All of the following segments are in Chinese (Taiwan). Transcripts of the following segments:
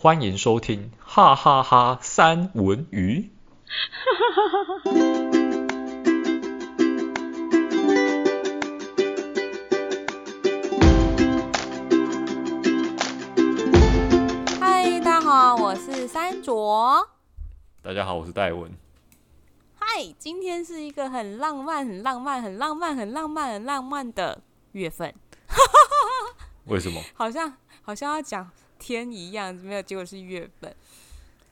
歡迎收聽哈哈哈三文魚。哈哈哈哈哈哈。嗨，大家好，我是三卓。大家好，我是戴文。嗨，今天是一個很浪漫、很浪漫、很浪漫、很浪漫、很浪漫的月份。 為什麼？好像好像要講。天一樣沒有，結果是月份，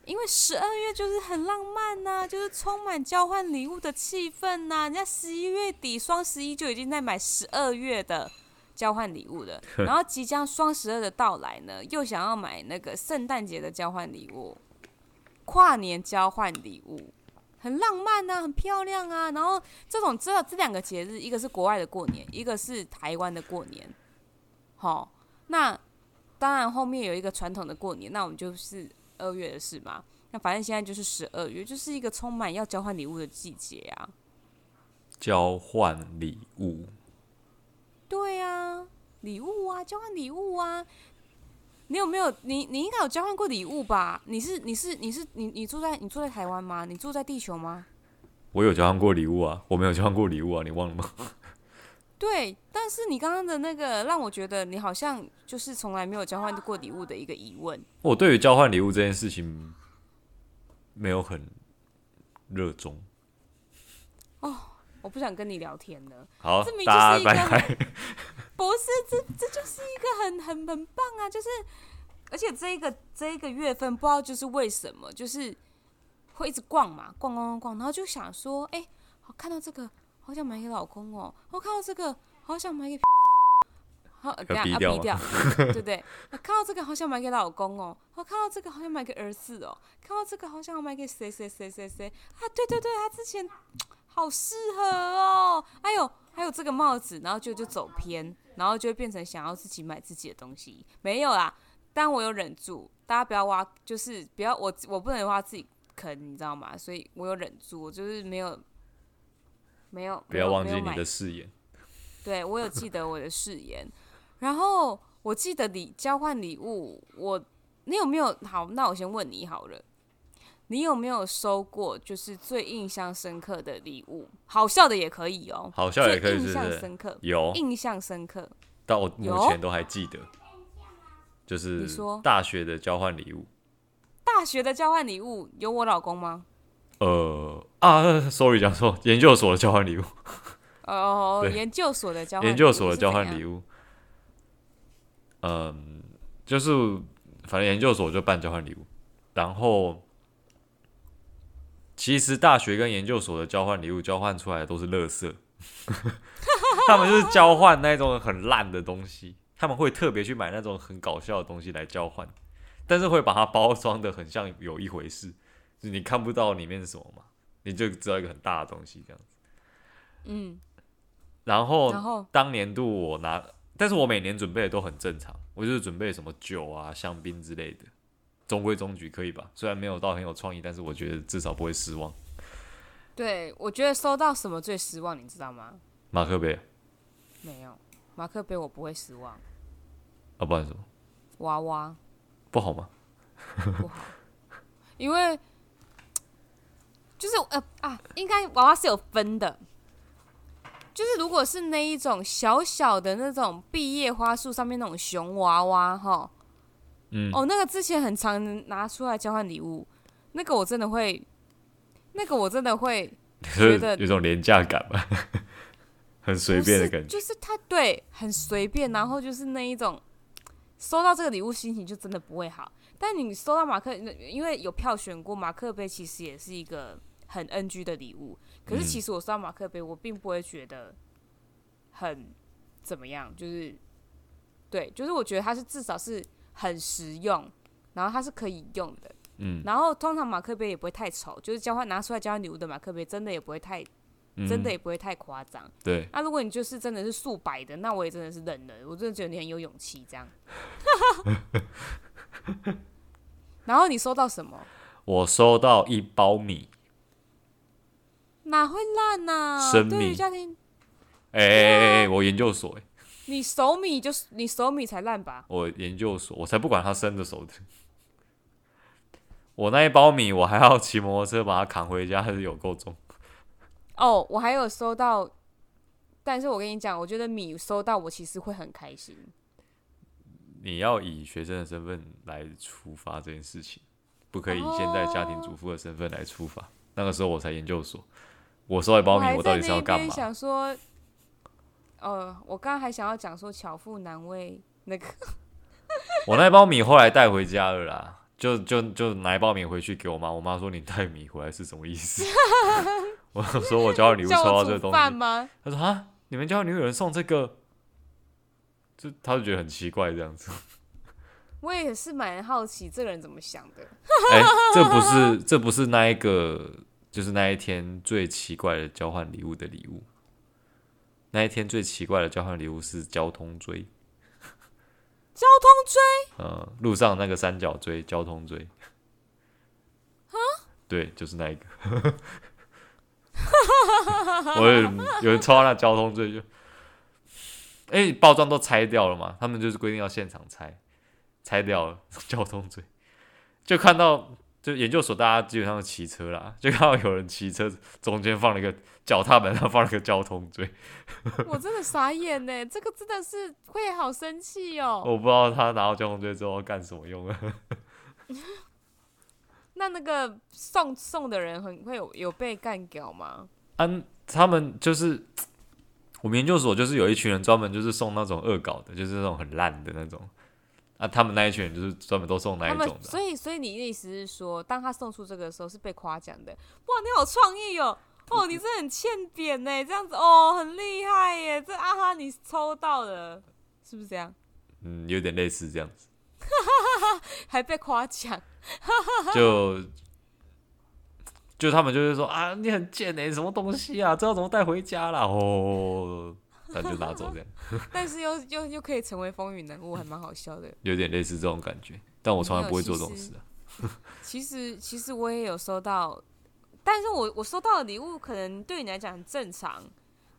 因為十二月就是很浪漫吶，就是充滿交換禮物的氣氛吶。人家十一月底雙十一就已經在買十二月的交換禮物了， 然後即將雙十二的到來呢，又想要買那個聖誕節的交換禮物，跨年交換禮物，很浪漫啊，很漂亮啊。然後這種，這這兩個節日，一個是國外的過年，一個是台灣的過年，好那。當然後面有一個傳統的過年，那我們就是二月的事嘛。那反正現在就是十二月，就是一個充滿要交換禮物的季節啊。交換禮物？對啊，禮物啊，交換禮物啊。你有沒有？你你應該有交換過禮物吧？你是你是你是你你住在你住在台灣嗎？你住在地球嗎？我有交換過禮物啊，我沒有交換過禮物啊，你忘了嗎？對，但是你剛剛的那個讓我覺得你好像就是從來沒有交換過禮物的一個疑問。我對於交換禮物這件事情沒有很熱衷。哦，我不想跟你聊天了。好，就是一個大家拜拜。不是，這這就是一個很很很棒啊！就是而且這一個這一個月份不知道就是為什麼，就是會一直逛嘛，逛逛逛逛，然後就想說，哎、欸，我看到這個。好想買給老公哦、喔！我看到這個，好想買給、X2，好等下，逼掉、逼掉，啊、 對不對？我、啊、看到這個，好想買給老公哦、喔！我看到這個，好想買給兒子哦、喔！看到這個，好想買給誰誰誰誰誰啊？對對對，他之前好適合哦、喔！哎呦，還有這個帽子，然後就就走偏，然後就會變成想要自己買自己的東西。沒有啦，但我有忍住，大家不要挖，就是不要我我不能挖自己坑，你知道嗎？所以我有忍住，我就是沒有。沒有，不要忘記你的誓言。對，我有記得我的誓言。 然後我記得你交換禮物，我你有沒有？好，那我先問你好了，你有沒有收過就是最印象深刻的禮物？好笑的也可以哦、喔，好笑也可以。印象深刻，有印象深刻，但我目前都還記得。就是大學的交換禮物，大學的交換禮物有我老公嗎？呃啊，sorry，講錯，研究所的交換禮物哦、oh,，研究所的交換禮物，研究所的交換禮物。嗯、呃，就是反正研究所就辦交換禮物，然後其實大學跟研究所的交換禮物交換出來的都是樂色， 他們就是交換那種很爛的東西，他們會特別去買那種很搞笑的東西來交換，但是會把它包裝的很像有一回事。你看不到裡面是什麼嘛，你就知道一個很大的東西這樣子，嗯，然後然後當年度我拿，但是我每年準備的都很正常，我就是準備什麼酒啊、香檳之類的，中規中矩可以吧？雖然沒有到很有創意，但是我覺得至少不會失望。對，我覺得收到什麼最失望，你知道嗎？馬克杯、啊，沒有馬克杯，我不會失望啊！不然什麼娃娃不好嗎？ 因為。就是呃啊，應該娃娃是有分的。就是如果是那一種小小的那種畢業花束上面那種熊娃娃哈，嗯，哦，那個之前很常拿出來交換禮物，那個我真的會，那個我真的會覺得有，有種廉價感嘛，很隨便的感覺，就是、就是、他對很隨便，然後就是那一種收到這個禮物心情就真的不會好。但你收到馬克，因為有票選過馬克杯，其實也是一個。很 NG 的禮物，可是其實我收到馬克杯、嗯，我並不會覺得很怎麼樣，就是對，就是我覺得它是至少是很實用，然後它是可以用的，嗯，然後通常馬克杯也不會太醜，就是交換拿出來交換禮物的馬克杯真、嗯，真的也不會太，真的也不會太誇張，對。那如果你就是真的是素白的，那我也真的是忍了，我真的覺得你很有勇氣這樣。 然後你收到什麼？我收到一包米。哪會爛吶、啊？生米對家庭。哎哎哎！我研究所、欸。你熟米就是你熟米才爛吧？我研究所，我才不管他生的熟的。 我那一包米，我還要騎摩、摩托車把它扛回家，還是有夠重。哦、oh，我還有收到，但是我跟你講，我覺得米收到，我其實會很開心。你要以學生的身份來出發這件事情，不可以，以現在家庭主婦的身份來出發。Oh. 那個時候我才研究所。我收了一包米，我到底是要幹嘛？我想說，呃，我剛剛還想要講說，巧婦難為那個。我那一包米後來帶回家了啦，就就就拿一包米回去給我媽，我媽說你帶米回來是什麼意思？ 我、我、我、我、 我,煮 我說我交禮物，抽到這個東西。他說哈，你們家裡有人送這個，就他就覺得很奇怪這樣子。我也是蠻好奇這個人怎麼想的。哎，這不是，這不是那一個。就是那一天最奇怪的交換禮物的禮物。那一天最奇怪的交換禮物是交通錐。交通錐？嗯，路上那個三角錐，交通錐。啊、huh? 對，就是那一個。 我有人抽到那交通錐就，誒、欸，包裝都拆掉了嘛？他們就是規定要現場拆，拆掉了交通錐，就看到。就研究所，大家基本上都騎車啦，就看到有人騎車，中間放了一個腳踏板上放了個交通錐，我真的傻眼呢， 這個真的是會好生氣哦。我不知道他拿到交通錐之後幹什麼用啊。 那那個送送的人，很會有有被幹掉嗎？嗯，他們就是我們研究所，就是有一群人專門就是送那種惡搞的，就是那種很爛的那種。啊，他們那一群人就是專門都送那一種的。所以，所以你的意思是說，當他送出這個的時候是被誇獎的？哇，你好創意哦！哦，你真的很欠扁欸，這樣子哦，很厲害耶！這啊哈，你抽到了是不是這樣？嗯，有點類似這樣子。哈哈哈，哈，還被誇獎。 就就他們就是說啊，你很賤哎，什麼東西啊？這要怎麼帶回家啦？哦。那就拿走這樣， 但是又又又可以成為風雲人物，還蠻好笑的。有點類似這種感覺，但我從來不會做這種事，啊。其實其實我也有收到，但是我我收到的禮物可能對你來講很正常，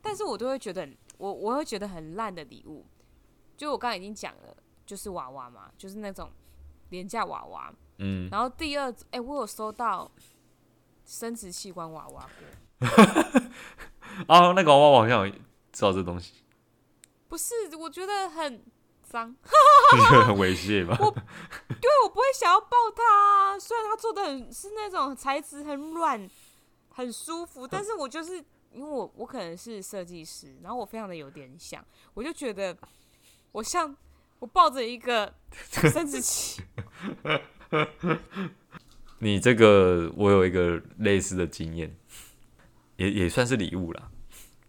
但是我都會覺得我我會覺得很爛的禮物。就我剛才已經講了，就是娃娃嘛，就是那種廉價娃娃。嗯。然後第二，哎、欸，我有收到生殖器官娃娃。哦、 啊，那個娃娃好像有。知道這東西，不是我覺得很髒，覺得很猥褻吧？我，因為我不會想要抱他啊，雖然他做的很，是那種材質很軟，很舒服，但是我就是因為我我可能是設計師，然後我非常的有點想，我就覺得我像我抱着一個生殖器。 你這個我有一個類似的經驗，也也算是禮物了，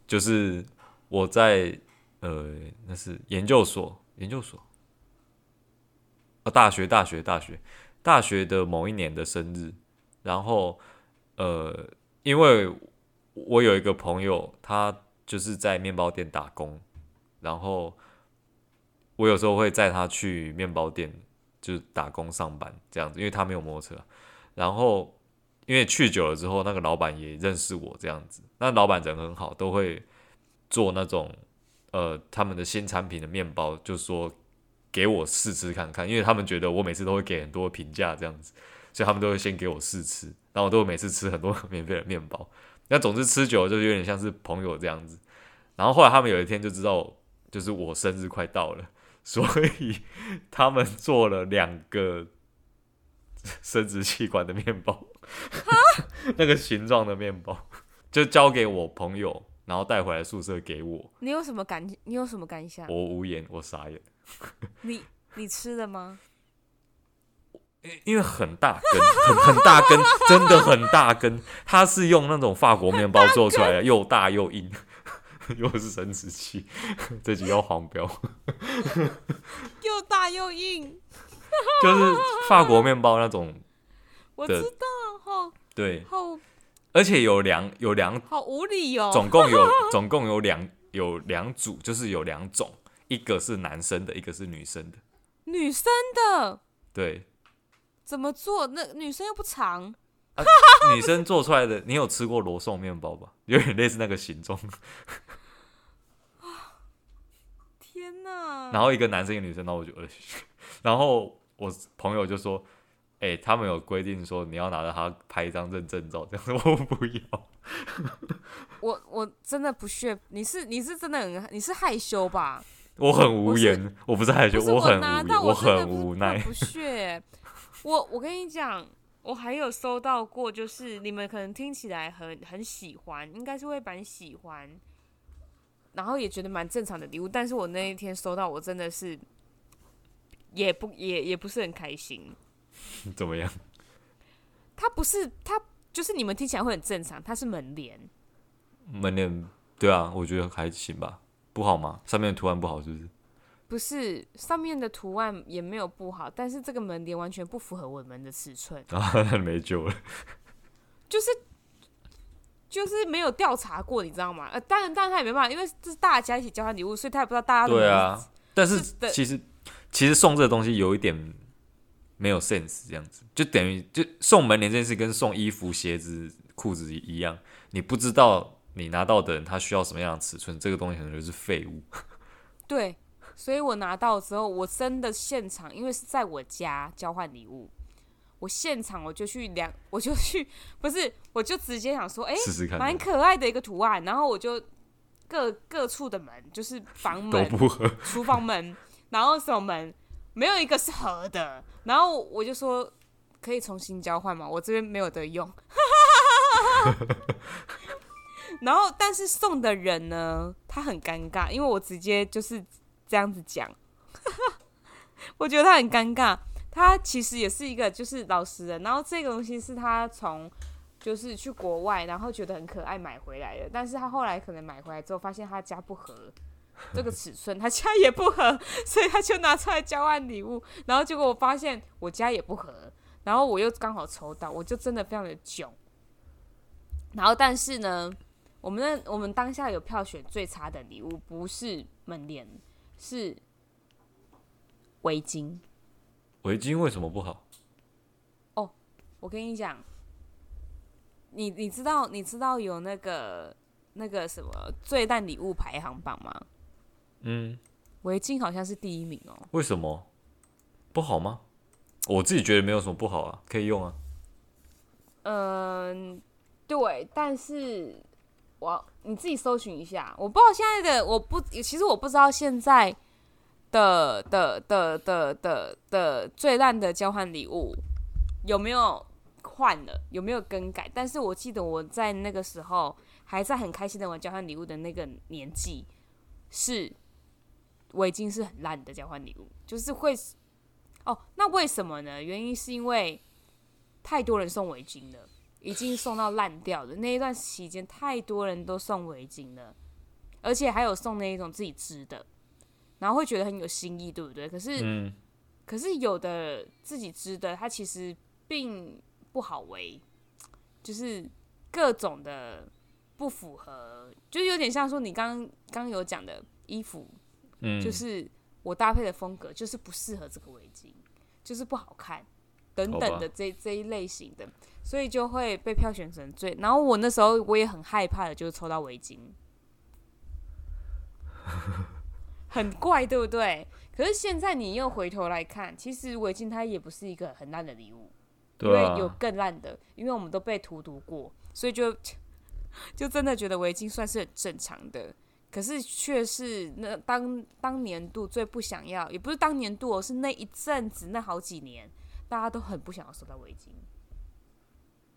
就是。我在呃，那是研究所，研究所，啊、哦，大學，大學，大學，大學的某一年的生日，然後呃，因為我有一個朋友，他就是在麵包店打工，然後我有時候會載他去麵包店，就是打工上班這樣子，因為他沒有摩托車，然後因為去久了之後，那個老闆也認識我這樣子，那老闆人很好，都會。做那種呃，他們的新產品的面包，就說給我試吃看看，因為他們覺得我每次都會給很多評價這樣子，所以他們都會先給我試吃，然後我都會每次吃很多免費的面包。那總之吃久了就有點像是朋友這樣子。然後後來他們有一天就知道，就是我生日快到了，所以他們做了兩個生殖器官的面包，啊、 那個形狀的面包就交給我朋友。然後帶回來宿舍給我。你有什麼感？你有什麼感想？我無言，我傻眼。 你你吃的嗎？因為很大根，很很大根，真的很大根。它是用那種法國麵包做出來的，又大又硬。又是生殖器，這集要黃標。又大又硬，就是法國麵包那種。我知道，好，對，好。而且有兩有兩好無理哦，總共有總共有兩有兩組，就是有兩種，一個是男生的，一個是女生的。女生的對，怎麼做？那女生又不長，啊、女生做出來的，你有吃過羅宋面包吧？有點類似那個形狀。 天哪！然後一個男生一個女生，那我就，然後我朋友就說。哎、欸，他們有規定說你要拿着他拍一張認證照這樣，樣子我不要。我我真的不屑。你是你是真的很你是害羞吧？我很無言。我，是我不是害羞，是我我我不是不，我很無奈，我很無奈不屑。我我跟你講，我還有收到過，就是你們可能聽起來很很喜歡，應該是會蠻喜歡，然後也覺得蠻正常的禮物，但是我那一天收到，我真的是也不也也不是很開心。怎麼樣？他不是，他就是你們聽起來會很正常。他是門簾，門簾。對啊，我覺得還行吧，不好嗎？上面的圖案不好是不是？不是，上面的圖案也沒有不好，但是這個門簾完全不符合我們的門的尺寸啊，沒救了。就是就是沒有調查過，你知道嗎？呃，當然，當然他也沒辦法，因為這是大家一起交換禮物，所以他也不知道大家都對啊。是但是，是其實其實送這個東西有一點。沒有 sense 這樣子，就等於就送門簾這件事跟送衣服、鞋子、褲子一樣，你不知道你拿到的人他需要什麼樣的尺寸，這個東西可能就是廢物。對，所以我拿到之後，我真的現場，因為是在我家交換禮物，我現場我就去量，我就去，不是，我就直接想說，哎、欸，蠻可愛的一個圖案，然後我就各各處的門，就是房門、廚房門，然後什麼門。沒有一個是合的，然後我就說，可以重新交換嗎？我這邊沒有得用。 然後，但是送的人呢，他很尷尬，因為我直接就是這樣子講， 我覺得他很尷尬。他其實也是一個就是老實人，然後這個東西是他從就是去國外，然後覺得很可愛買回來的，但是他後來可能買回來之後發現他家不合。這個尺寸他家也不合，所以他就拿出來交換禮物。然後結果我發現我家也不合，然後我又剛好抽到，我就真的非常的囧。然後但是呢，我們那我們當下有票選最差的禮物，不是門簾，是圍巾。圍巾為什麼不好？哦，我跟你講，你你知道你知道有那個那個什麼最爛禮物排行榜嗎？嗯，圍巾好像是第一名哦。為什麼？不好嗎？我自己覺得沒有什麼不好啊，可以用啊。嗯、呃，對，但是我你自己搜尋一下，我不知道現在的我不，其實我不知道現在的的的的的的，的最爛的交換禮物有沒有換了，有沒有更改？但是我記得我在那個時候還在很開心的玩交換禮物的那個年紀是。圍巾是很爛的交換禮物，就是會哦。那為什麼呢？原因是因為太多人送圍巾了，已經送到爛掉了。那一段期間，太多人都送圍巾了，而且還有送那一種自己織的，然後會覺得很有心意，對不對？可是，嗯、可是有的自己織的，它其實並不好圍，就是各種的不符合，就有點像說你剛剛剛有講的衣服。就是我搭配的風格就是不適合這個圍巾，就是不好看等等的這一這一類型的，所以就會被票選成最。然後我那時候我也很害怕的，就是抽到圍巾， 很怪對不對？可是現在你又回頭來看，其實圍巾它也不是一個很爛的禮物，對啊，因為有更爛的，因為我們都被荼毒過，所以就就真的覺得圍巾算是很正常的。可是，卻是那當當年度最不想要，也不是當年度喔，是那一陣子那好幾年，大家都很不想要收到圍巾。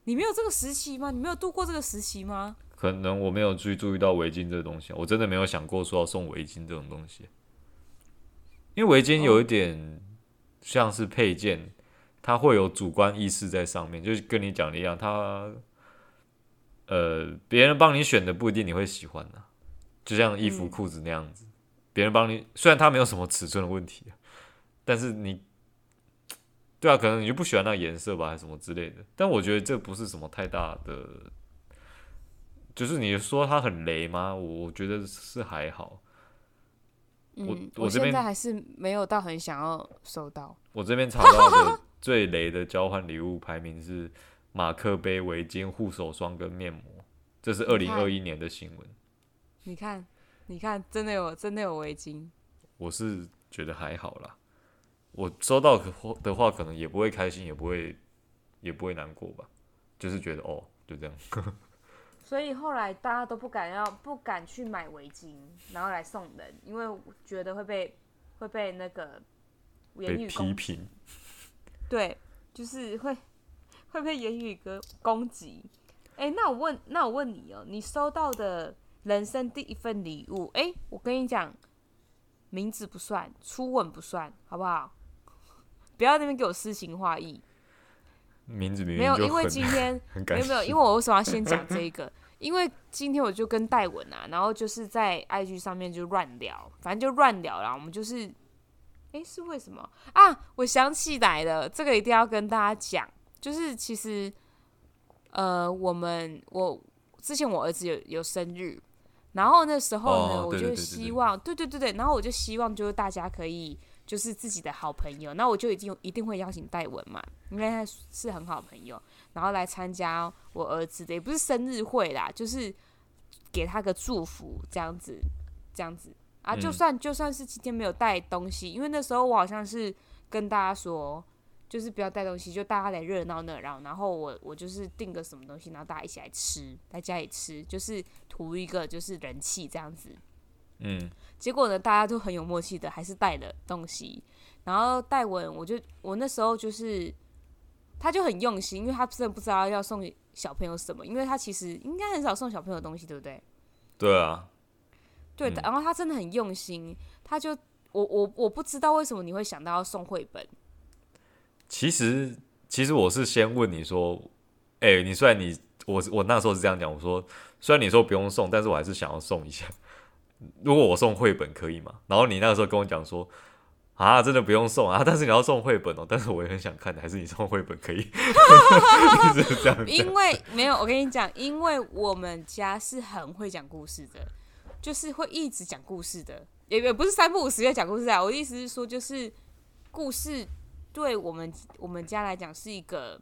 你沒有這個時期嗎？你沒有度過這個時期嗎？可能我沒有去注意到圍巾這東西，我真的沒有想過說要送圍巾這種東西。因為圍巾有一點像是配件，它會有主觀意識在上面，就跟你講的一樣，它呃別人幫你選的不一定你會喜歡的啊。就像衣服、褲子那樣子，嗯、別人幫你，雖然他沒有什麼尺寸的問題，但是你，對啊，可能你就不喜歡那個顏色吧，還是什麼之類的。但我覺得這不是什麼太大的，就是你說他很雷嗎？我我覺得是還好。嗯，我我，這邊我現在還是沒有到很想要收到。我這邊查到的最雷的交換禮物排名是馬克杯、圍巾、護手霜跟面膜，這是二零二一年的新聞。你看，你看，真的有，真的有圍巾。我是覺得還好啦。我收到的話，可能也不會開心，也不會，也不會難過吧。就是覺得哦，就這樣。 所以後來大家都不敢要，不敢去買圍巾，然後來送人，因為我覺得會被會被那個言語被批評。對，就是會會被言語跟攻擊。哎、欸，那我問，那我問你哦、喔，你收到的？人生第一份禮物，哎、欸，我跟你講，名字不算，初吻不算，好不好？不要那邊給我詩情畫意。名字明明沒有，因為今天沒有，沒有，因為我為什麼要先講這個？ 因為今天我就跟戴文啊，然後就是在 IG 上面就亂聊，反正就亂聊啦。我們就是，哎、欸，是為什麼啊？我想起來了，這個一定要跟大家講，就是其實，呃，我們我之前我兒子有有生日。然後那時候呢、哦對對對對對，我就希望，對對對對，然後我就希望就是大家可以就是自己的好朋友，那我就一定一定會邀請戴文嘛，因為他是很好朋友，然後來參加我兒子的也不是生日會啦，就是給他個祝福這樣子，這樣子啊，就算就算是今天沒有帶東西，嗯，因為那時候我好像是跟大家說。就是不要帶東西，就大家來熱鬧那，然後，然後我我就是訂個什麼東西，然後大家一起來吃，在家裡吃，就是圖一個就是人氣這樣子。嗯，結果呢，大家都很有默契的，還是帶了東西。然後戴文，我就我那時候就是，他就很用心，因為他真的不知道要送小朋友什麼，因為他其實應該很少送小朋友東西，對不對？對啊、嗯，對，然後他真的很用心，他就我我我不知道為什麼你會想到要送繪本。其實，其實我是先問你說，哎、欸，你雖然你我我那時候是這樣講，我說雖然你說不用送，但是我還是想要送一下。如果我送繪本可以嗎？然後你那個時候跟我講說，啊，真的不用送啊，但是你要送繪本哦。但是我也很想看的，還是你送繪本可以， 因為， 因為沒有，我跟你講，因為我們家是很會講故事的，就是會一直講故事的，也也不是三不五時要講故事啊。我的意思是說，就是故事。對我們我們家來講是一個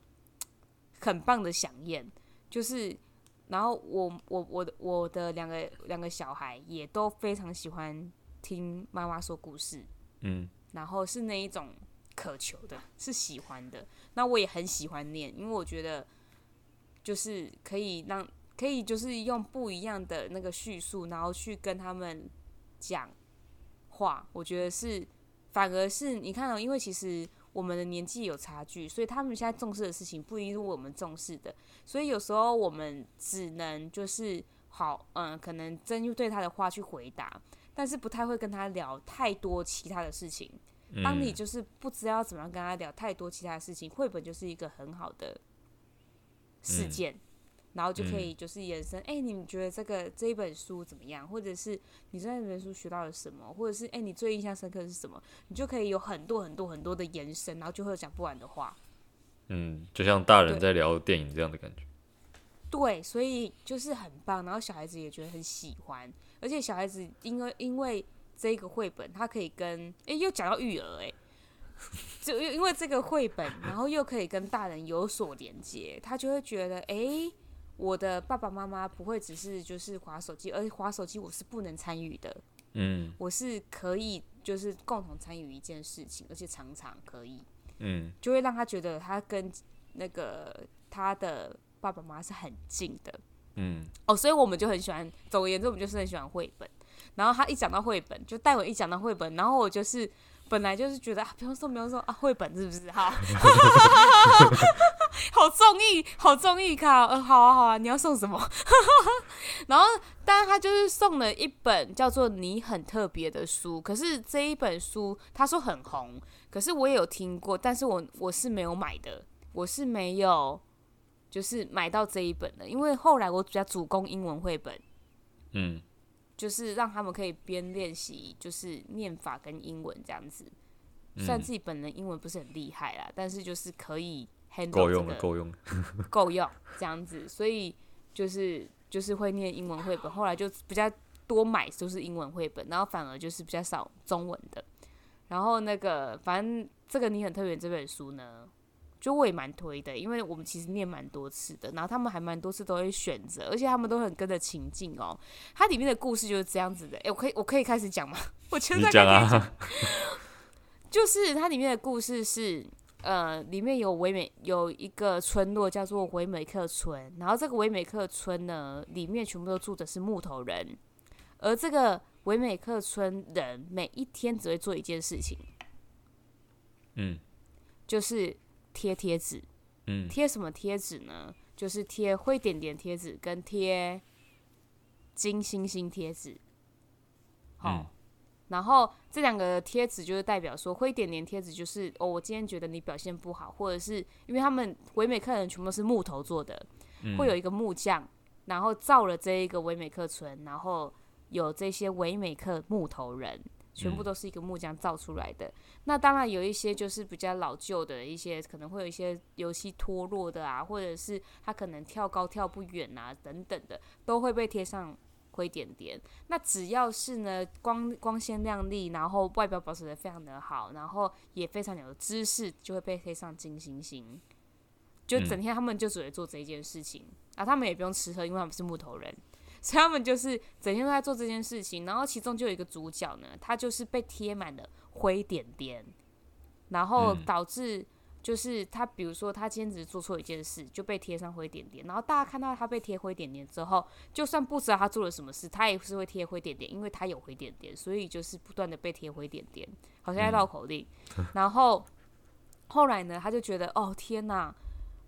很棒的想念，就是，然後我我我我的兩個兩個小孩也都非常喜歡聽媽媽說故事，嗯，然後是那一種渴求的，是喜歡的。那我也很喜歡念，因為我覺得就是可以讓可以就是用不一樣的那個敘述，然後去跟他們講話。我覺得是反而是你看到、哦，因為其實。我們的年紀有差距，所以他們現在重視的事情不一定是我們重視的，所以有時候我們只能就是好，嗯、呃，可能真就對他的話去回答，但是不太會跟他聊太多其他的事情。嗯、當你就是不知道怎麼樣跟他聊太多其他的事情，繪本就是一個很好的事件。嗯然後就可以就是延伸，哎、嗯欸，你們覺得這個這一本書怎麼樣？或者是你在這本書學到了什麼？或者是哎、欸，你最印象深刻是什麼？你就可以有很多很多很多的延伸，然後就會有講不完的話。嗯，就像大人在聊電影這樣的感覺。對。對，所以就是很棒。然後小孩子也覺得很喜歡，而且小孩子因為因為這個繪本，他可以跟哎、欸、又講到育兒哎、欸，就因為這個繪本，然後又可以跟大人有所連接，他就會覺得哎。欸我的爸爸媽媽不會只是就是滑手機，而且滑手機我是不能參與的。嗯，我是可以就是共同參與一件事情，而且常常可以。嗯，就會讓他覺得他跟那個他的爸爸媽媽是很近的。嗯，哦、oh，所以我們就很喜歡，總而言之，我們就是很喜歡繪本。然後他一講到繪本，就帶我一講到繪本，然後我就是。本來就是覺得啊，不用送，不用送啊，繪本是不是啊？ 好，好中意，好中意，看，嗯，好啊，好啊，你要送什麼？ 然後，但是他就是送了一本叫做《你很特別》的書，可是這一本書他說很紅，可是我也有聽過，但是我我是沒有買的，我是沒有就是買到這一本的，因為後來我主要主攻英文繪本，嗯。就是讓他們可以邊練習，就是念法跟英文這樣子，嗯。雖然自己本人英文不是很厲害啦，但是就是可以很夠用的夠用了、這個、夠用了，夠 用這樣子。所以就是就是會念英文繪本，後來就比較多買都是英文繪本，然後反而就是比較少中文的。然後那個反正這個你很特別，這本書呢，就我也蠻推的，因為我們其實念蠻多次的，然後他們還蠻多次都會選擇，而且他們都很跟着情境哦。它裡面的故事就是這樣子的，哎，我可以我可以開始講嗎？我全在講，講啊。 就是它裡面的故事是，呃，裡面有唯美有一個村落叫做唯美克村，然後這個唯美克村呢，裡面全部都住的是木頭人，而這個唯美克村人每一天只會做一件事情，嗯，就是。貼貼紙，嗯，貼什麼貼紙呢？就是貼灰點點貼紙跟貼金星星貼紙，好，嗯。然後這兩個貼紙就是代表說，灰點點貼紙就是哦，我今天覺得你表現不好，或者是因為他們唯美客人全部是木頭做的，嗯，會有一個木匠，然後造了這一個唯美客村，然後有這些唯美客木頭人。全部都是一個木匠造出來的。那當然有一些就是比較老舊的一些，可能會有一些油漆脫落的啊，或者是它可能跳高跳不遠啊等等的，都會被貼上灰點點。那只要是呢，光光鮮亮麗，然後外表保持得非常的好，然後也非常有姿勢，就會被貼上金星星。就整天他們就只會做這一件事情啊，他們也不用吃喝，因為他們是木頭人。所以他們就是整天都在做這件事情，然後其中就有一個主角呢，他就是被貼滿了灰點點，然後導致就是他，比如說他兼職做錯一件事，就被貼上灰點點，然後大家看到他被貼灰點點之後，就算不知道他做了什麼事，他也是會貼灰點點，因為他有灰點點，所以就是不斷的被貼灰點點，好像繞口令。嗯、 然後後來呢，他就覺得，哦天哪！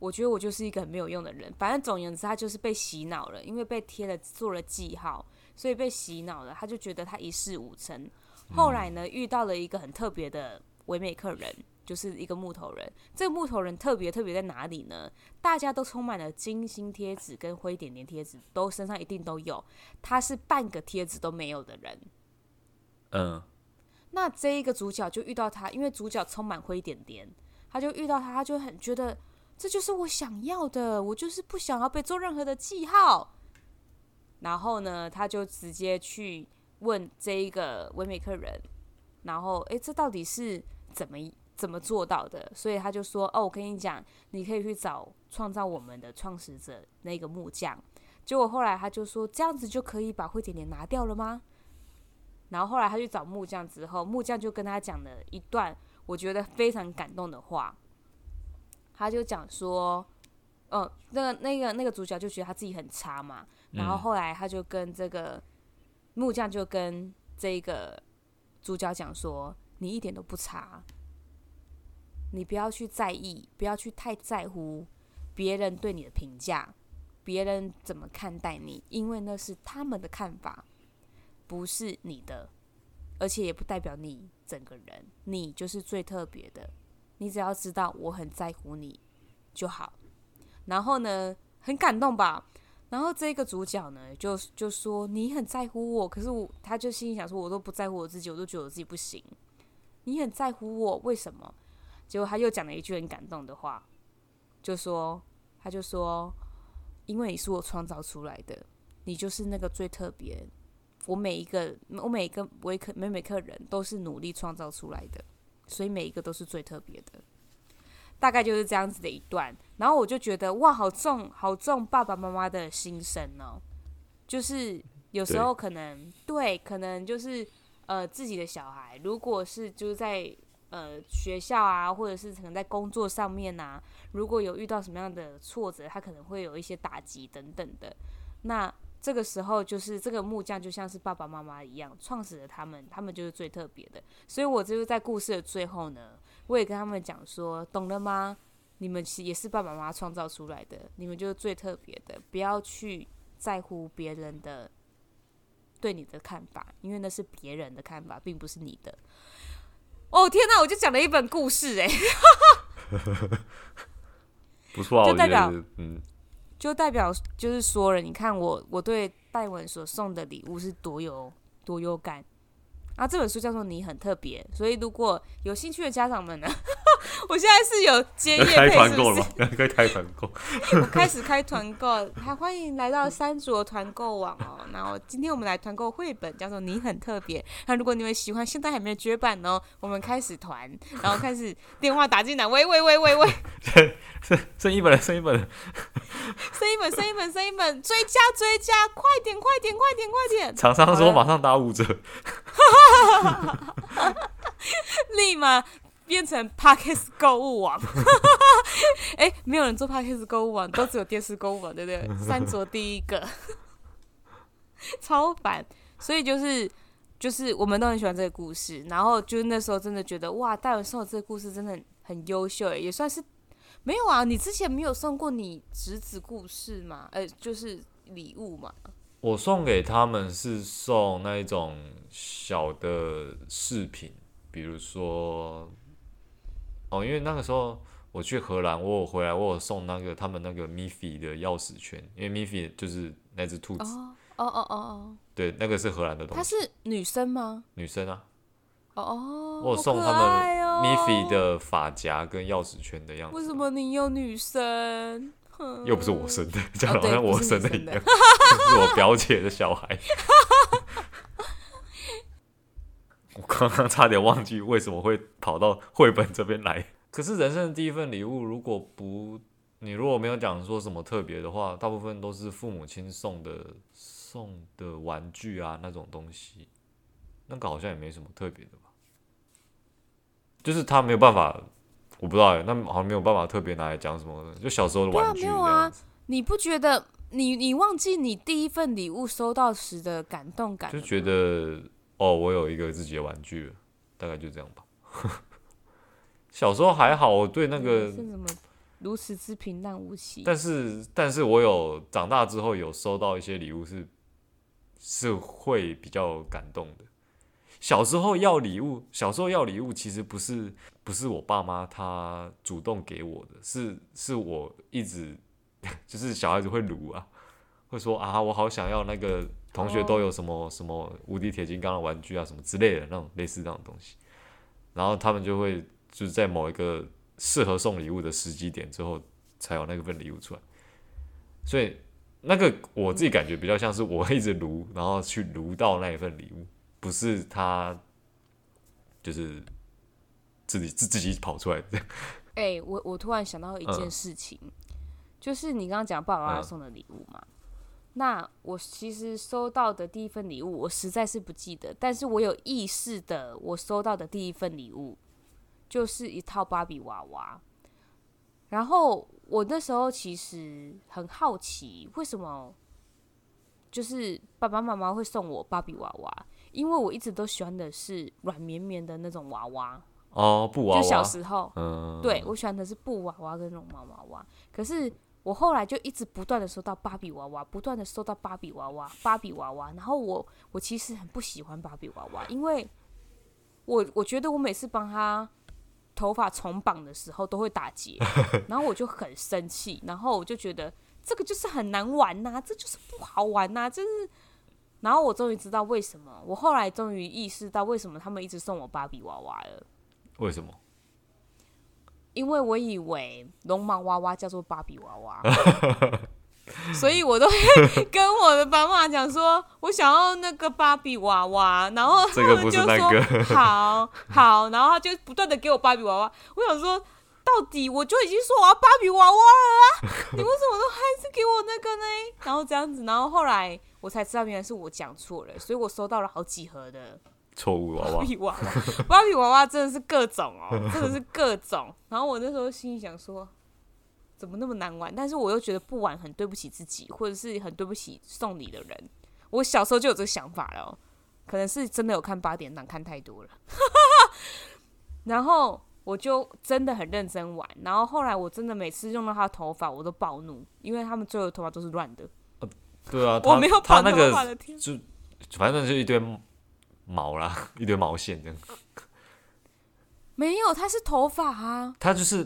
我覺得我就是一個很沒有用的人。反正總而言之，他就是被洗腦了，因為被貼了做了記號，所以被洗腦了。他就覺得他一事無成。後來呢，遇到了一個很特別的微美克人，就是一個木頭人。這個木頭人特別特別在哪裡呢？大家都充滿了金星貼紙跟灰點點貼紙，都身上一定都有。他是半個貼紙都沒有的人。嗯、uh.，那這一個主角就遇到他，因為主角充滿灰點點，他就遇到他，他就很覺得。這就是我想要的，我就是不想要被做任何的記號。然後呢，他就直接去問這一個微美克人，然後誒，這到底是怎麼怎麼做到的？所以他就說：“哦，我跟你講，你可以去找創造我們的創始者那個木匠。”結果後來他就說：“這樣子就可以把灰點點拿掉了嗎？”然後後來他去找木匠之後，木匠就跟他講了一段我覺得非常感動的話。他就講說，嗯，那個那個那個主角就覺得他自己很差嘛，嗯、然後後來他就跟這個木匠就跟這個主角講說，你一點都不差，你不要去在意，不要去太在乎別人對你的評價，別人怎麼看待你，因為那是他們的看法，不是你的，而且也不代表你整個人，你就是最特別的。你只要知道我很在乎你就好，然後呢，很感動吧？然後這個主角呢，就就說你很在乎我，可是我，他就心裡想說，我都不在乎我自己，我都覺得我自己不行。你很在乎我，為什麼？結果他又講了一句很感動的話，就說他就說，因為你是我創造出來的，你就是那個最特別。我每一個，我每一個維克、每每個人都是努力創造出來的。所以每一個都是最特別的，大概就是這樣子的一段。然後我就覺得哇，好重，好重爸爸媽媽的心聲哦，就是有時候可能對，對，可能就是呃自己的小孩，如果是就是在呃學校啊，或者是可能在工作上面啊，如果有遇到什麼樣的挫折，他可能會有一些打擊等等的。那這個時候，就是這個木匠就像是爸爸媽媽一樣，創始了他們，他們就是最特別的。所以，我就是在故事的最後呢，我也跟他們講說，懂了嗎？你們也是爸爸媽媽創造出來的，你們就是最特別的，不要去在乎別人的對你的看法，因為那是別人的看法，並不是你的。哦，天哪，啊，我就講了一本故事，欸，哎 ，不錯啊，就代表嗯。就代表就是說了，你看我我對戴文所送的禮物是多有多有感，啊，這本書叫做《你很特別》，所以如果有興趣的家長們呢？我現在是有接業配購了嗎？可以開團購。 我開始開團購，還歡迎來到三組團購網哦。然後今天我們來團購繪本，叫做《你很特別》。那如果你們喜歡，現在還沒有絕版哦。我們開始團，然後開始電話打進來， 喂喂喂喂喂，剩剩一，剩，一剩一本，剩一本，剩一本，剩一本，剩一本，追加追加，快點快點快點快點，廠商說馬上打五折，哈哈哈哈哈，立馬。變成 Podcast 購物網，哎、 欸，沒有人做 Podcast 購物網，都只有電視購物網，對不對？三卓第一個， 超煩。所以就是就是我們都很喜歡這個故事，然後就是那時候真的覺得哇，戴文送我這個故事真的很優秀，也算是沒有啊。你之前沒有送過你侄子故事嗎？呃、欸，就是禮物嘛。我送給他們是送那一種小的飾品，比如說。哦，因為那個時候我去荷蘭，我有回來，我有送那個他們那個 Miffy 的鑰匙圈，因為 Miffy 就是那隻兔子，哦哦哦哦，對，那個是荷蘭的東西。她是女生嗎？女生啊，哦，哦，我有送他們 Miffy 的髮夾跟鑰匙圈的樣子、啊。為什麼你有女生？又不是我生的，長得像我生的一樣，哦、是， 是我表姐的小孩。我剛剛差點忘記為什麼會跑到繪本這邊來。可是人生的第一份禮物，如果不你如果沒有講說什麼特別的話，大部分都是父母親送的送的玩具啊、那種東西，那個好像也沒什麼特別的吧。就是他沒有辦法，我不知道哎、欸，那好像沒有辦法特別拿來講什麼，就小時候的玩具。沒有啊？你不覺得你你忘記你第一份禮物收到時的感動感？就覺得。哦、oh,，我有一個自己的玩具了，大概就這樣吧。 小時候還好，我對那個、嗯、是什麼如此之平淡無奇。但是，但是我有長大之後有收到一些禮物是是會比較感動的。小時候要禮物，小時候要禮物其實不是不是我爸媽他主動給我的，是是我一直就是小孩子會盧啊，會說啊，我好想要那個。同學都有什麼什麼無敵鐵金剛的玩具啊，什麼之類的那種類似這種東西，然後他們就會就是在某一個適合送禮物的時機點之後，才有那份禮物出來。所以那個我自己感覺比較像是我一直盧，然後去盧到那一份禮物，不是他就是自己自自己跑出來的。哎、欸，我我突然想到一件事情，嗯、就是你剛剛講爸爸送的禮物嘛。嗯嗯那我其實收到的第一份禮物，我實在是不記得，但是我有意識的，我收到的第一份禮物就是一套芭比娃娃。然後我那時候其實很好奇，為什麼就是爸爸媽媽會送我芭比娃娃？因為我一直都喜歡的是軟綿綿的那種娃娃哦，布娃娃。就小時候，嗯，對我喜歡的是布娃娃跟絨毛娃娃，可是。我後來就一直不斷的收到芭比娃娃，不斷的收到芭比娃娃，芭比娃娃。然後我，我其實很不喜歡芭比娃娃，因為我，我覺得我每次幫她頭髮重綁的時候都會打結，然後我就很生氣，然後我就覺得這個就是很難玩吶，啊，這就是不好玩吶，啊，就是。然後我終於知道為什麼，我後來終於意識到為什麼他們一直送我芭比娃娃了。為什麼？因為我以為龍貓娃娃叫做芭比娃娃， 所以我都會跟我的爸媽講說，我想要那個芭比娃娃，然後他們就說、這個那個、 好好，然後他就不斷的給我芭比娃娃。我想說，到底我就已經說我要芭比娃娃了啊，你為什麼都還是給我那個呢？然後這樣子，然後後來我才知道，原來是我講錯了，所以我收到了好幾盒的。錯誤娃娃，芭比娃娃，芭 比娃娃真的是各種哦， 真的是各種。然後我那時候心裡想說，怎麼那麼難玩？但是我又覺得不玩很對不起自己，或者是很對不起送你的人。我小時候就有這個想法了、哦，可能是真的有看八點檔看太多了。 然後我就真的很認真玩，然後後來我真的每次用到他的頭髮，我都暴怒，因為他們最後的頭髮都是亂的、呃。對啊，我沒有他那個，的天就反正就一堆。毛啦，一堆毛線這樣，啊、沒有，它是頭髮啊。它就是，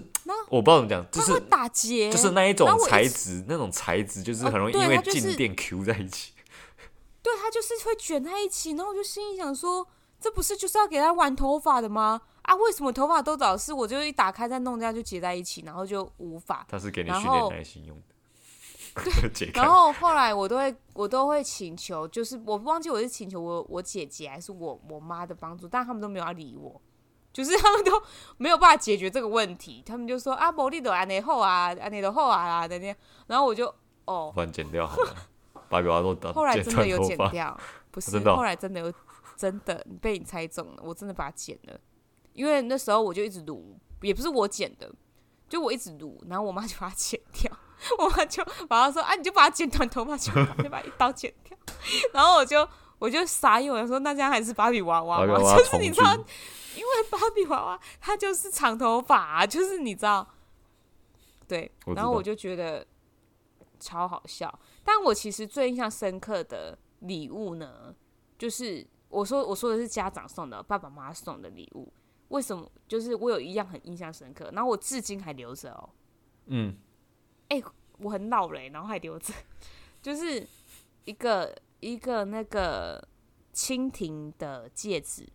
我不知道怎麼講，就是它會打結，就是那一種材質，那種材質就是很容易因為靜電 Q 在一起。啊對，就是、 對，它就是會卷在一起，然後我就心裡想說，這不是就是要給他玩頭髮的嗎？啊，為什麼頭髮都早是，我就一打開再弄這樣就結在一起，然後就無法。他是給你訓練耐心用的。 對，然後後來我都會我都會請求，就是我忘記我是請求我我姐姐還是我我媽的幫助，但他們都沒有要理我，就是他們都沒有辦法解決這個問題，他們就說啊，不就啊，毛利的後啊，安尼的後啊，等等。然後我就哦，把它剪掉， 把頭髮弄短。後來真的有剪掉， 不是，啊喔，後來真的有，真的，被你猜中了，我真的把它剪了，因為那時候我就一直盧，也不是我剪的，就我一直盧，然後我媽就把它剪掉。 我媽就把他說啊，你就把他剪短頭髮去，就把他一刀剪掉。 然後我就我就傻眼，我就說那這樣還是芭比娃娃嘛？就是你知道，因為芭比娃娃它就是長頭髮，啊，就是你知道，對。然後我就覺得超好笑。但我其實最印象深刻的禮物呢，就是我說我說的是家長送的，爸爸媽媽送的禮物。為什麼？就是我有一樣很印象深刻，然後我至今還留着哦。嗯。哎、欸，我很老了，欸，然後還留着，就是一個一個那個蜻蜓的戒指，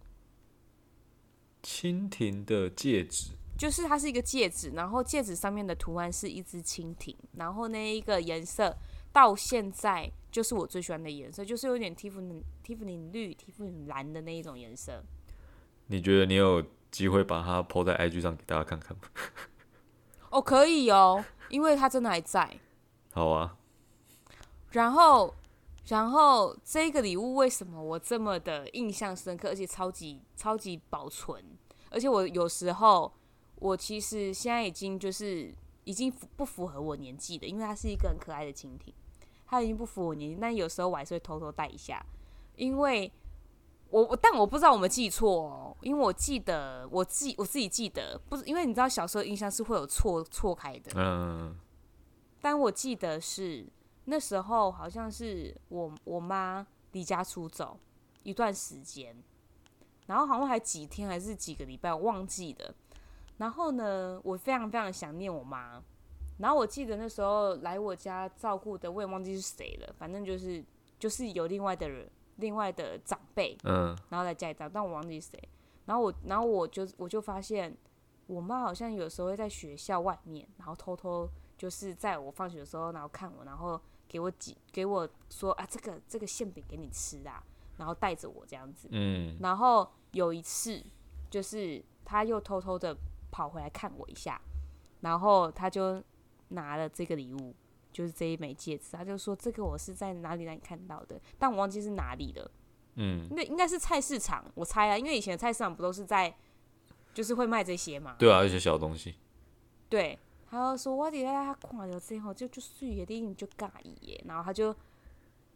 蜻蜓的戒指，就是它是一個戒指，然後戒指上面的圖案是一隻蜻蜓，然後那一個顏色到現在就是我最喜歡的顏色，就是有點蒂芙尼、蒂芙尼綠、蒂芙尼藍的那一種顏色。你覺得你有機會把它拋在 IG 上給大家看看嗎？哦、oh，可以哦，因為它真的還在。好啊。然後，然後這個禮物為什麼我這麼的印象深刻，而且超級超級保存？而且我有時候，我其實現在已經就是已經不符合我年紀的，因為它是一個很可愛的蜻蜓，它已經不符合我年紀。但有時候我還是會偷偷戴一下，因為。我我但我不知道我沒記錯喔，因為我記得我自己我自己記得不是因為你知道小時候印象是會有錯錯開的，嗯嗯嗯。但我記得是那時候好像是我我媽離家出走一段時間，然後好像還幾天還是幾個禮拜，我忘記了。然後呢，我非常非常想念我媽。然後我記得那時候來我家照顧的我也忘記是誰了，反正就是就是有另外的人。另外的長輩，嗯，然後來家裡找，但我忘記是誰。然後我，然後我就我就發現，我媽好像有時候會在學校外面，然後偷偷就是在我放學的時候，然後看我，然後給我幾給我說啊，這個這個餡餅給你吃啊，然後帶着我這樣子，嗯。然後有一次，就是她又偷偷的跑回來看我一下，然後她就拿了這個禮物。就是這一枚戒指，他就說，這個我是在哪裡哪裡看到的，但我忘記是哪裡了。嗯，那應該是菜市場，我猜啊，因為以前的菜市場不都是在，就是會賣這些嘛。對啊，一些小東西。對，他就說我的他看了之後就就是有一點就尬意耶，然後他就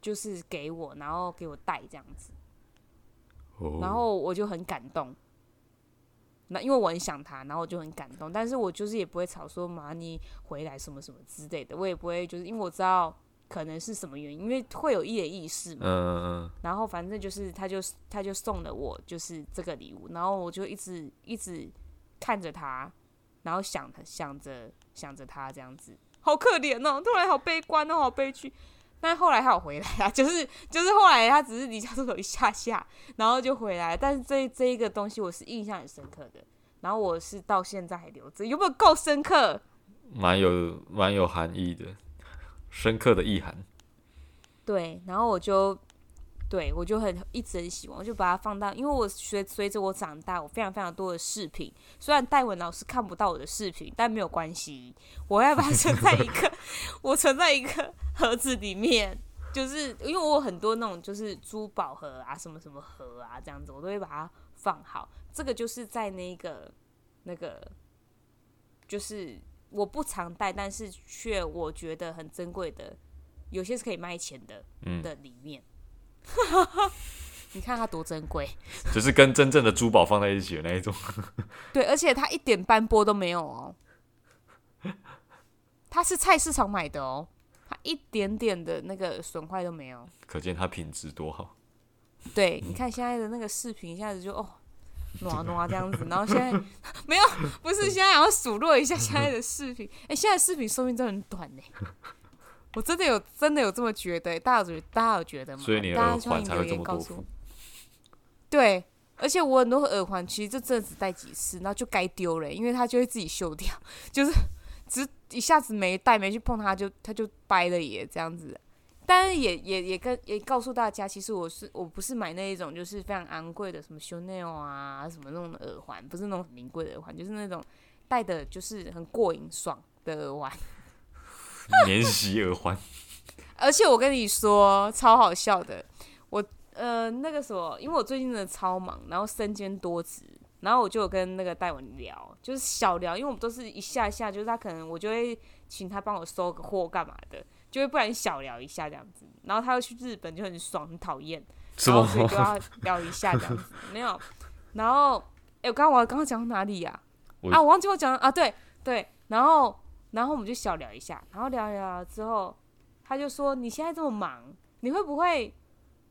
就是給我，然後給我戴這樣子，oh. 然後我就很感動。那因為我很想他，然後我就很感動，但是我就是也不會吵說媽你回來什麼什麼之類的，我也不會就是因為我知道可能是什麼原因，因為會有一點意識嘛。嗯嗯嗯。然後反正就是他就是他就送了我就是這個禮物，然後我就一直一直看着他，然後想着想着想着他這樣子，好可憐哦，突然好悲觀哦，好悲劇。但後來他有回來啊，就是就是後來他只是離家出走一下下，然後就回來了。但是這這一個東西我是印象很深刻的，然後我是到現在還留着，有沒有夠深刻？蠻有蠻有含義的，深刻的意涵。對，然後我就。對，我就很一直很喜歡，我就把它放到，因為我隨隨着我長大，我非常非常多的飾品。雖然戴文老師看不到我的飾品，但沒有關係，我要把它存在一個， 我存在一個盒子裡面，就是因為我有很多那種就是珠寶盒啊，什麼什麼盒啊，這樣子我都會把它放好。這個就是在那個那個，就是我不常戴，但是卻我覺得很珍貴的，有些是可以賣錢的，的裡面。嗯哈哈哈，你看它多珍貴，就是跟真正的珠寶放在一起的那一種 對，而且它一點斑駁都沒有哦，它是菜市場買的哦，它一點點的那個損壞都沒有，可見它品質多好。對，你看現在的那個飾品一下子就哦，挪啊挪啊這樣子，然後現在沒有，不是現在然要數落一下現在的飾品，哎、欸，現在的飾品壽命真的很短呢、欸。我真的有，真的有這麼覺得、欸，大家有覺得，大家有覺得嗎？所以你的耳環才會這麼多。大家希望你留言告訴我。對，而且我很多耳環其實就真的只戴幾次，然後就該丟了、欸，因為它就會自己銹掉，就是只是一下子沒戴，沒去碰它就，就它就掰了也這樣子。但是也也也跟也告訴大家，其實我是我不是買那一種就是非常昂貴的什麼 Chanel 啊什麼那種耳環，不是那種很名貴的耳環，就是那種戴的就是很過癮爽的耳環。免洗耳環，而且我跟你說，超好笑的。我呃那個什麼，因為我最近真的超忙，然後身兼多職，然後我就跟那個戴文聊，就是小聊，因為我們都是一下下，就是他可能我就會請他幫我收個貨幹嘛的，就會不然小聊一下這樣子。然後他又去日本，就很爽，很討厭，然後所以就要聊一下這樣子，沒有。 然後，哎、欸，我剛剛我剛剛講到哪裡呀？啊？啊，我忘記我講啊，對對，然後。然後我們就小聊一下，然後聊一聊之後，他就說：“你現在這麼忙，你會不會，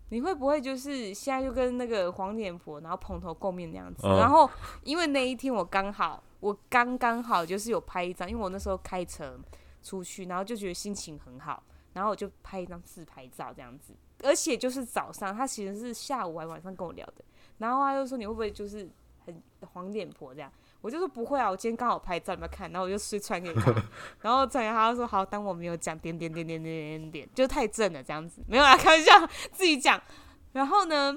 你會不會就是現在就跟那個黃臉婆，然後蓬頭垢面那樣子、嗯？”然後因為那一天我剛好，我剛剛好就是有拍一張，因為我那時候開車出去，然後就覺得心情很好，然後我就拍一張自拍照這樣子，而且就是早上，他其實是下午還晚上跟我聊的，然後他又說：“你會不會就是很黃臉婆這樣？”我就說不會啊，我今天剛好拍照，你們看。然後我就試穿給他， 然後傳給他，說好，當我沒有講點點點點點點點，就太正了這樣子，沒有啊，開玩笑，自己講。然後呢，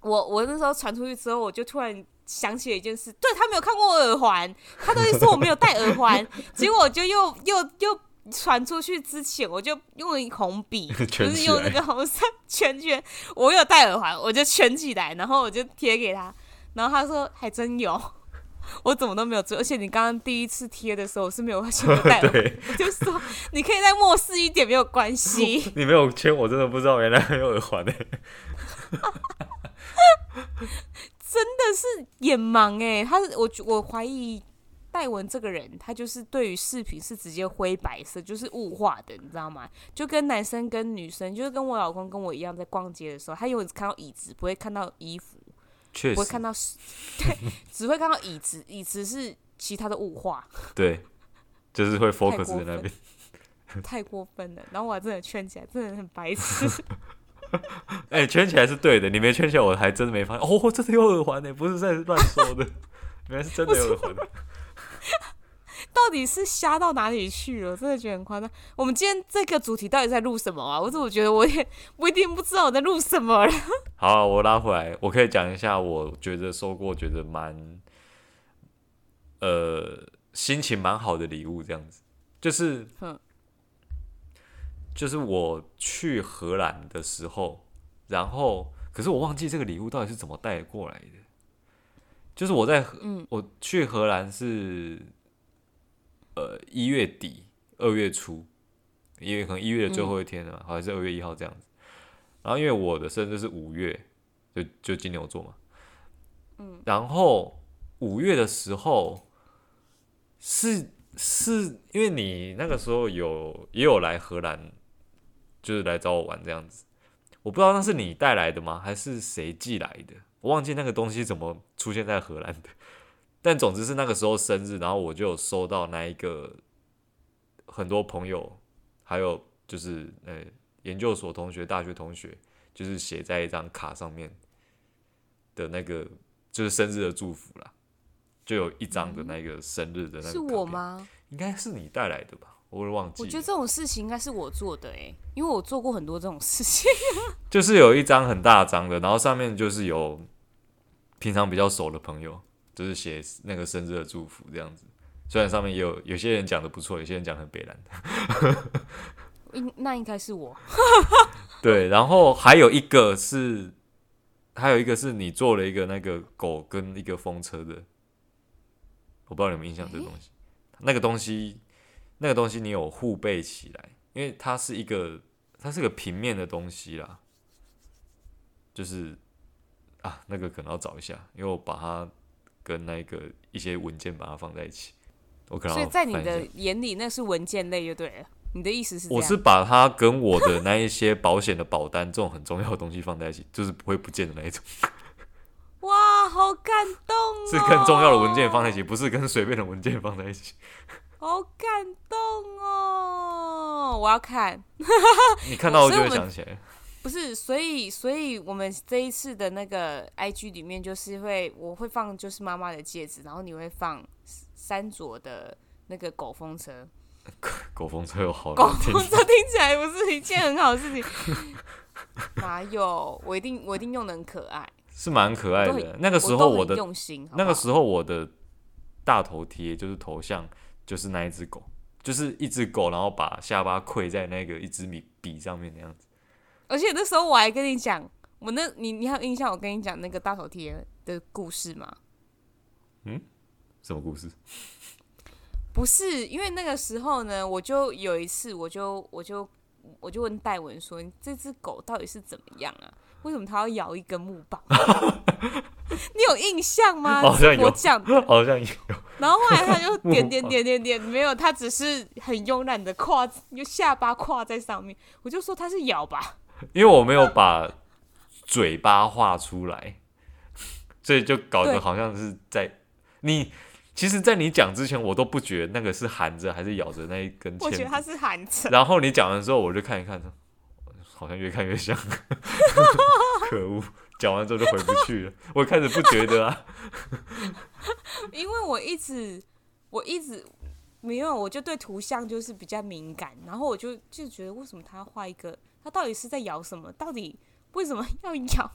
我我那時候傳出去之後，我就突然想起了一件事，對，他沒有看過我耳環，他都一說我沒有戴耳環， 結果我就又又又傳出去之前，我就用紅筆，就是用那個紅色圈圈，我有戴耳環，我就圈起來，然後我就貼給他，然後他說還真有。我怎麼都沒有做，而且你剛剛第一次貼的時候我是沒有戴， 對 就是說你可以再漠視一點沒有關係。 你沒有圈我真的不知道，原來還有耳環哎， 真的是眼盲哎！他是我我懷疑戴文這個人，他就是對於飾品是直接灰白色，就是霧化的，你知道嗎？就跟男生跟女生，就是跟我老公跟我一樣，在逛街的時候，他永遠只看到椅子，不會看到衣服。確實不會看到，對，只會看到椅子， 椅子是其他的物化，對，就是會 focus 在那邊，太過分，太過分了。然後我還真的圈起來，真的很白痴。 哎，圈起來是對的，你沒圈起來，我還真沒發現。哦，這是有耳環呢，不是在亂說的， 原來是真的有耳環。 到底是瞎到哪裡去了？我真的覺得很誇張。我們今天這個主題到底在錄什麼啊？我怎麼覺得我也不一定不知道我在錄什麼了？好啊，我拉回來，我可以講一下，我覺得收過，覺得蠻，呃，心情蠻好的禮物，這樣子，就是，就是我去荷蘭的時候，然後可是我忘記這個禮物到底是怎麼帶過來的，就是我在，嗯，我去荷蘭是。呃，一月底、二月初，因為可能一月的最後一天了、嗯，還是二月一號這樣子。然後，因為我的生日是五月，就就金牛座嘛。嗯，然後五月的時候，是是因為你那個時候有也有來荷蘭，就是來找我玩這樣子。我不知道那是你帶來的嗎？還是誰寄來的？我忘記那個東西怎麼出現在荷蘭的。但總之是那個時候生日，然後我就有收到那一個很多朋友，還有就是呃、欸、研究所同學、大學同學，就是寫在一張卡上面的那個，就是生日的祝福啦，就有一張的那個生日的那個、嗯。是我嗎？應該是你帶來的吧，我會忘記。我覺得這種事情應該是我做的哎、欸，因為我做過很多這種事情。 就是有一張很大張的，然後上面就是有平常比較熟的朋友。就是寫那個生日的祝福這樣子，雖然上面也有有些人講的不錯，有些人講的很北爛，應那應該是我，對，然後還有一個是，還有一個是你做了一個那個狗跟一個風車的，我不知道你們印象這東西，欸、那個東西，那個東西你有互背起來，因為它是一個它是個平面的東西啦，就是啊，那個可能要找一下，因為我把它。跟那個一些文件把它放在一起，我所以在你的眼裡那是文件類就對了。你的意思是這樣？我是把它跟我的那一些保險的保單 這種很重要的東西放在一起，就是不會不見的那一種。哇，好感動哦！是更重要的文件放在一起，不是跟隨便的文件放在一起。好感動哦！我要看， 你看到我就會想起來。不是，所以，所以我們這一次的那個 I G 裡面，就是會，我會放，就是媽媽的戒指，然後你會放三朵的那個狗風車。狗風車，有好。狗風車聽起來不是一件很好事情。是你 哪有？我一定，我一定用的很可愛。是蠻可愛的。那個時候我的我用心好不好？那個時候我的大頭貼就是頭像，就是那一只狗，就是一只狗，然後把下巴跪在那個一支米筆上面的樣子。而且那時候我還跟你講，我那你你還有印象？我跟你講那個大頭貼的故事嗎？嗯，什麼故事？不是因為那個時候呢，我就有一次我就，我就我就我就問戴文說：“你這只狗到底是怎麼樣啊？為什麼它要咬一根木棒？” 你有印象嗎？好、哦、像有，好、哦、像有。 然後後來他就點、點點點點點，沒有，它只是很慵懶的跨，就下巴跨在上面。我就說它是咬吧。因為我沒有把嘴巴畫出來， 所以就搞得好像是在你。其實，在你講之前，我都不覺得那個是含着還是咬着那一根。我覺得它是含着。然後你講完之後，我就看一看，好像越看越像。 可惡！講完之後就回不去了。 我開始不覺得啊， 因為我一直我一直沒有，我就對圖像就是比較敏感，然後我就就覺得為什麼他要畫一個。他到底是在咬什麼？到底為什麼要咬？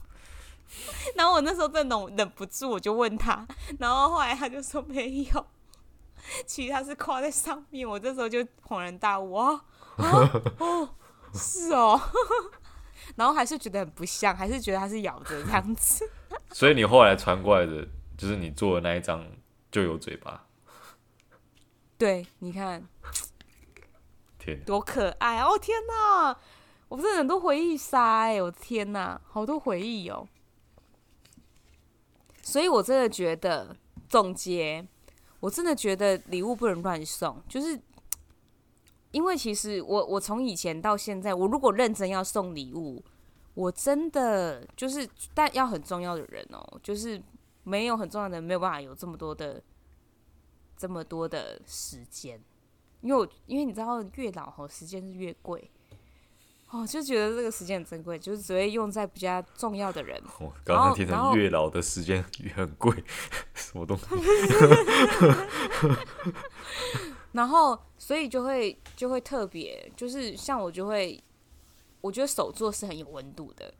然後我那時候在忍，忍不住我就問他，然後後來他就說沒有，其實他是掛在上面。我這時候就恍然大悟哦、啊啊，是哦， 然後還是覺得很不像，還是覺得他是咬的樣子。所以你後來傳過來的，就是你做的那一張就有嘴巴。對，你看，天、啊，多可愛、啊、哦天、啊！天哪！我不是很多回憶殺哎、欸，我天哪，好多回憶哦、喔。所以我真的覺得總結，我真的覺得禮物不能亂送，就是因為其實我我從以前到現在，我如果認真要送禮物，我真的就是但要很重要的人哦、喔，就是沒有很重要的人，沒有辦法有這麼多的這麼多的時間，因為因為你知道越老吼，時間是越貴。哦，就覺得這個時間很珍貴，就是只會用在比較重要的人。哦，剛剛聽到月老的時間也很貴，什麼東西？ 然後，所以就會就會特別，就是像我就會，我覺得手作是很有溫度的，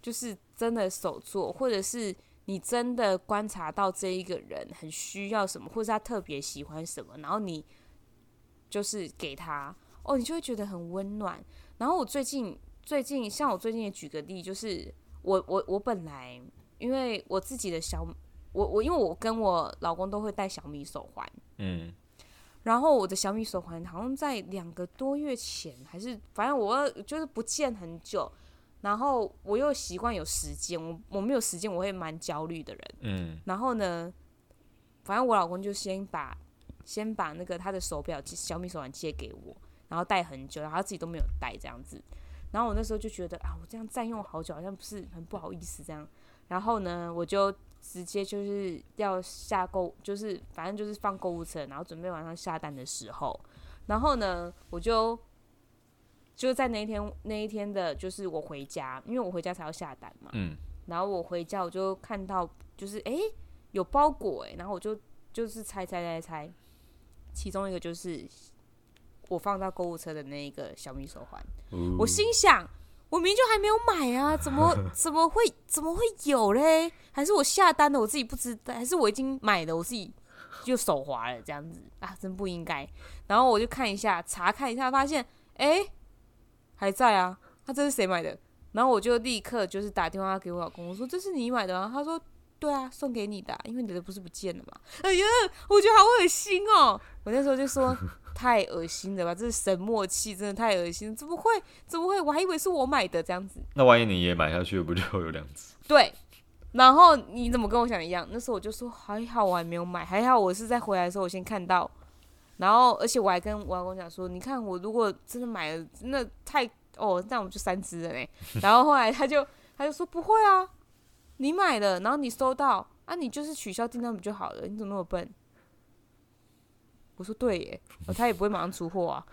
就是真的手作，或者是你真的觀察到這一個人很需要什麼，或是他特別喜歡什麼，然後你就是給他，哦，你就會覺得很溫暖。然後我最近最近像我最近也舉個例，就是我我我本來因為我自己的小我我因為我跟我老公都會戴小米手環，嗯，然後我的小米手環好像在兩個多月前還是反正我就是不見很久，然後我又習慣有時間，我我沒有時間我會蠻焦慮的人，嗯，然後呢，反正我老公就先把先把那個他的手表小米手環借給我。然後帶很久，然後自己都沒有帶這樣子，然後我那時候就覺得啊，我這樣占用好久，好像不是很不好意思這樣。然後呢，我就直接就是要下購，就是反正就是放購物車，然後準備晚上下單的時候，然後呢，我就就在那一天那一天的，就是我回家，因為我回家才要下單嘛，嗯，然後我回家我就看到就是哎有包裹哎、欸，然後我就就是拆拆拆拆，其中一個就是。我放到購物車的那一個小米手環，我心想，我明明就還沒有買啊，怎麼怎麼會怎麼會有嘞？還是我下單了，我自己不知道，還是我已經買了，我自己就手滑了這樣子啊，真不應該。然後我就看一下，查看一下，發現哎、欸、還在啊，他這是誰買的？然後我就立刻就是打電話給我老公，我說，這是你買的嗎、啊？他說。對啊，送給你的，啊，因為你的不是不見了嘛？哎呀，我覺得好惡心哦！我那時候就說太惡心了吧，這是神默契，真的太惡心！怎麼會？怎麼會？我還以為是我買的這樣子。那萬一你也買下去，不就有兩隻？對。然後你怎麼跟我想的一樣？那時候我就說，還好我還沒有買，還好我是在回來的時候我先看到，然後而且我還跟我老公講說，你看我如果真的買了，真的太哦，那我們就三隻了嘞。然後後來他就他就說不會啊。你買的，然後你收到啊，你就是取消訂單不就好了？你怎麼那麼笨？我說對耶，哦，他也不會馬上出貨啊。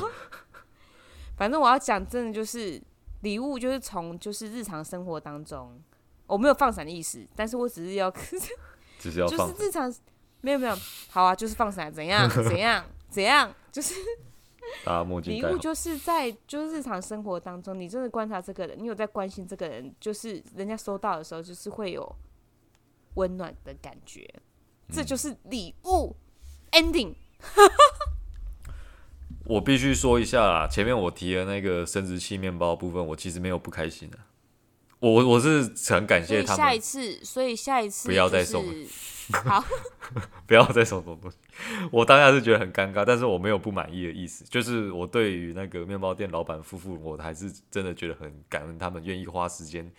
反正我要講真的，就是禮物，就是從就是日常生活當中，我沒有放閃的意思，但是我只是要，只是要放閃，就是日常沒有沒有，好啊，就是放閃，怎樣怎樣 怎樣，就是。禮物就是在，就是日常生活當中，你真的觀察這個人，你有在關心這個人，就是人家收到的時候，就是會有溫暖的感覺，嗯、這就是禮物 ending。 我必須說一下啦，前面我提的那個生殖器麵包部分，我其實沒有不開心的，啊，我我是很感謝他們。下一次，所以下一次不要再送了。 好， 不要再說什麼東西，我當然是覺得很尷尬，但是我沒有不滿意的意思。就是我對於那個麵包店老闆夫婦，我還是真的覺得很感恩，他們願意花時間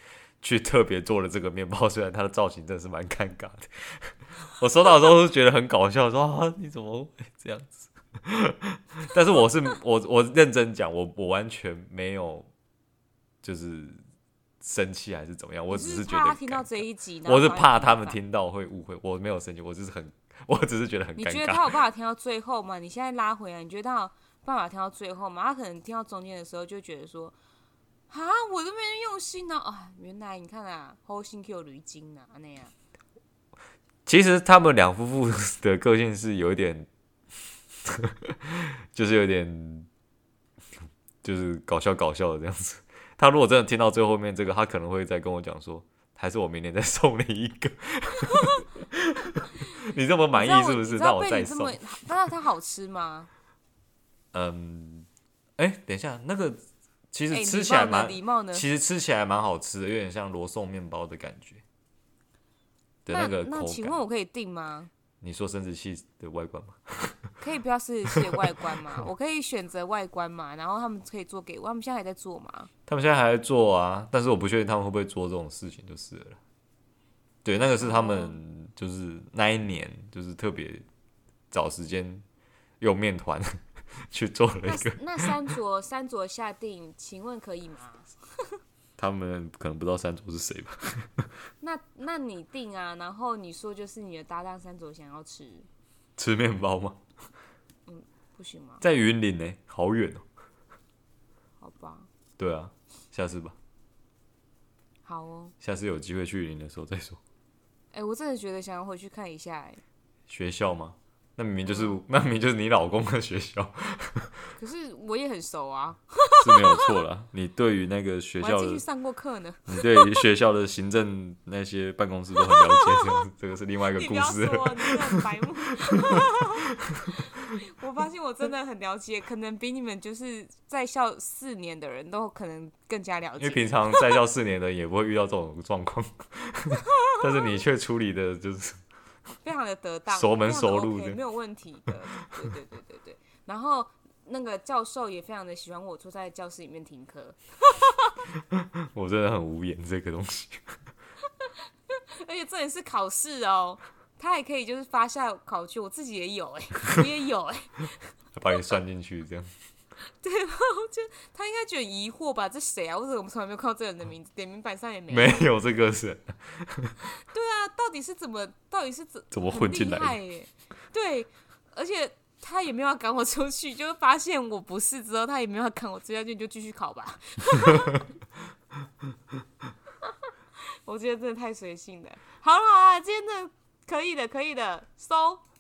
去特別做了這個麵包，雖然它的造型真的是蠻尷尬的。 我收到的時候是覺得很搞笑，說啊你怎麼會這樣子？ 但是我是我我認真講，我我完全沒有就是。生氣還是怎麼樣？我只是怕他聽到這一集，我是怕他們聽到會誤會。我沒有生氣，我只是很，我只是覺得很尷尬。你覺得他有辦法聽到最後嗎？你現在拉回來、啊，你覺得他有辦法聽到最後嗎？他可能聽到中間的時候就覺得說：“啊，我都沒用心呢、啊。”啊，原來你看啊，好心有驢精啊，那樣、啊。其實他們兩夫婦的個性是有一點， 就是有點，就是搞笑搞笑的這樣子。他如果真的聽到最後面這個，他可能會再跟我講說，還是我明年再送你一個。 你這麼滿意是不是？那我再送。那它好吃嗎？嗯，哎、欸，等一下，那個其實吃起來蠻、欸……其實吃起來蠻好吃的，有點像羅宋麵包的感覺。的那個口味。那請問我可以訂嗎？你說生殖器的外觀嗎？可以不要是寫外觀嗎？ 我可以選擇外觀嘛。然後他們可以做給我，他們現在還在做嘛？他們現在還在做啊，但是我不確定他們會不會做這種事情就是了。對，那個是他們就是那一年就是特別找時間用面糰 去做了一個那。那三卓、三卓下定，請問可以嗎？ 他們可能不知道三卓是誰吧？ 那那你定啊，然後你說就是你的搭檔三卓想要吃吃面包嗎？不行嗎？在雲林呢，好遠哦，喔。好吧。對啊，下次吧。好哦。下次有機會去雲林的時候再說。哎，欸，我真的覺得想要回去看一下，欸，學校嗎？那明明就是，嗯，那明明就是你老公的學校。可是我也很熟啊。 是沒有錯啦，你對於那個學校的我繼續上過課呢？ 你對於學校的行政那些辦公室都很了解， 是嗎，這個是另外一個故事了，你不要說了。你很白目。 我發現我真的很了解，可能比你們就是在校四年的人都可能更加了解。因為平常在校四年的人也不會遇到這種狀況， 但是你卻處理的就是熟熟非常的得當，熟門熟路也沒有問題的。對，對對對對對。然後那個教授也非常的喜歡我坐在教室裡面聽課。 我真的很無言，這個東西。 而且這也是考試哦。他還可以就是發下考卷，我自己也有哎、欸，我也有哎、欸， 他把你算進去這樣， 對吧？就他應該覺得疑惑吧，這誰啊？我怎麼從來沒有看到這個人的名字？點名板上也沒沒有這個是對啊，到底是怎麼？到底是怎麼很厲害、欸、怎麼混進來的？對，而且他也沒有趕我出去，就是、發現我不是之後，他也沒有要趕我出去，你就繼續考吧。 我覺得真的太隨性了。好了好了，今天的。可以的，可以的，收。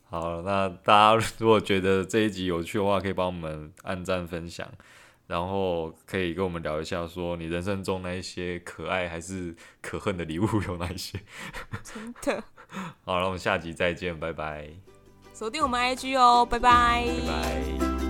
好，那大家如果覺得這一集有趣的話，可以幫我們按讚、分享，然後可以跟我們聊一下，說你人生中那一些可愛還是可恨的禮物有哪一些？真的。好了，那我們下集再見，拜拜。鎖定我們 IG 哦，拜拜。拜拜。